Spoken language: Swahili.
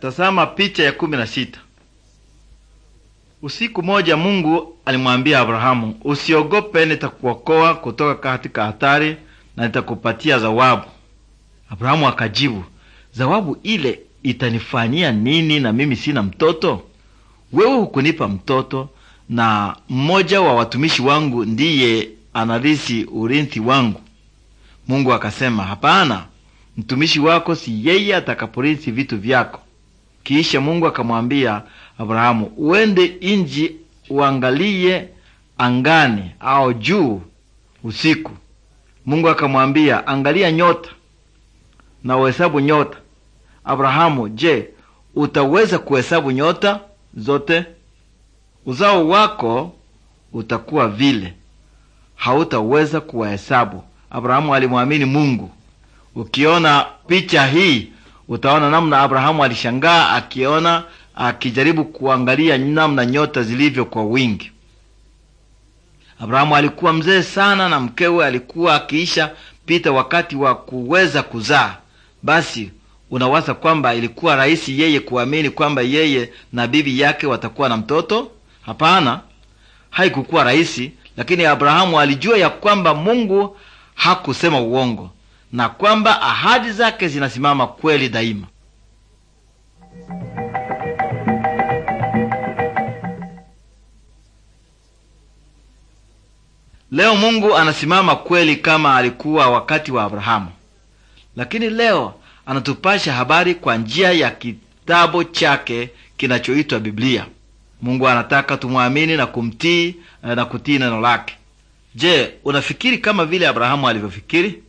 Tazama picha ya kumi na sita. Usiku moja Mungu alimwambia Abrahamu, usiogope, nitakuokoa kutoka katika hatari na nitakupatia zawabu. Abrahamu akajibu, zawabu ile itanifanyia nini na mimi sina mtoto? Wewe hukunipa mtoto na mmoja wa watumishi wangu ndiye anarisi urithi wangu. Mungu akasema, hapana, mtumishi wako si yeye atakaporithi vitu vyako. Kisha Mungu akamwambia Abrahamu, uende inji uangalie angani au juu usiku. Mungu akamwambia, angalia nyota na uhesabu nyota. Abrahamu, je, utaweza kuhesabu nyota zote? Uzao wako utakuwa vile, hautaweza kuwahesabu. Abrahamu alimwamini Mungu. Ukiona picha hii Utaona namna Abrahamu alishangaa akiona, akijaribu kuangalia namna nyota zilivyo kwa wingi. Abrahamu alikuwa mzee sana na mkewe alikuwa akiisha pita wakati wa kuweza kuzaa. Basi unawaza kwamba ilikuwa rahisi yeye kuamini kwamba yeye na bibi yake watakuwa na mtoto? Hapana, haikukuwa rahisi, lakini Abrahamu alijua ya kwamba Mungu hakusema uongo na kwamba ahadi zake zinasimama kweli daima. Leo Mungu anasimama kweli kama alikuwa wakati wa Abrahamu, lakini leo anatupasha habari kwa njia ya kitabu chake kinachoitwa Biblia. Mungu anataka tumwamini na kumtii eh, na kutii neno lake. Je, unafikiri kama vile Abrahamu alivyofikiri?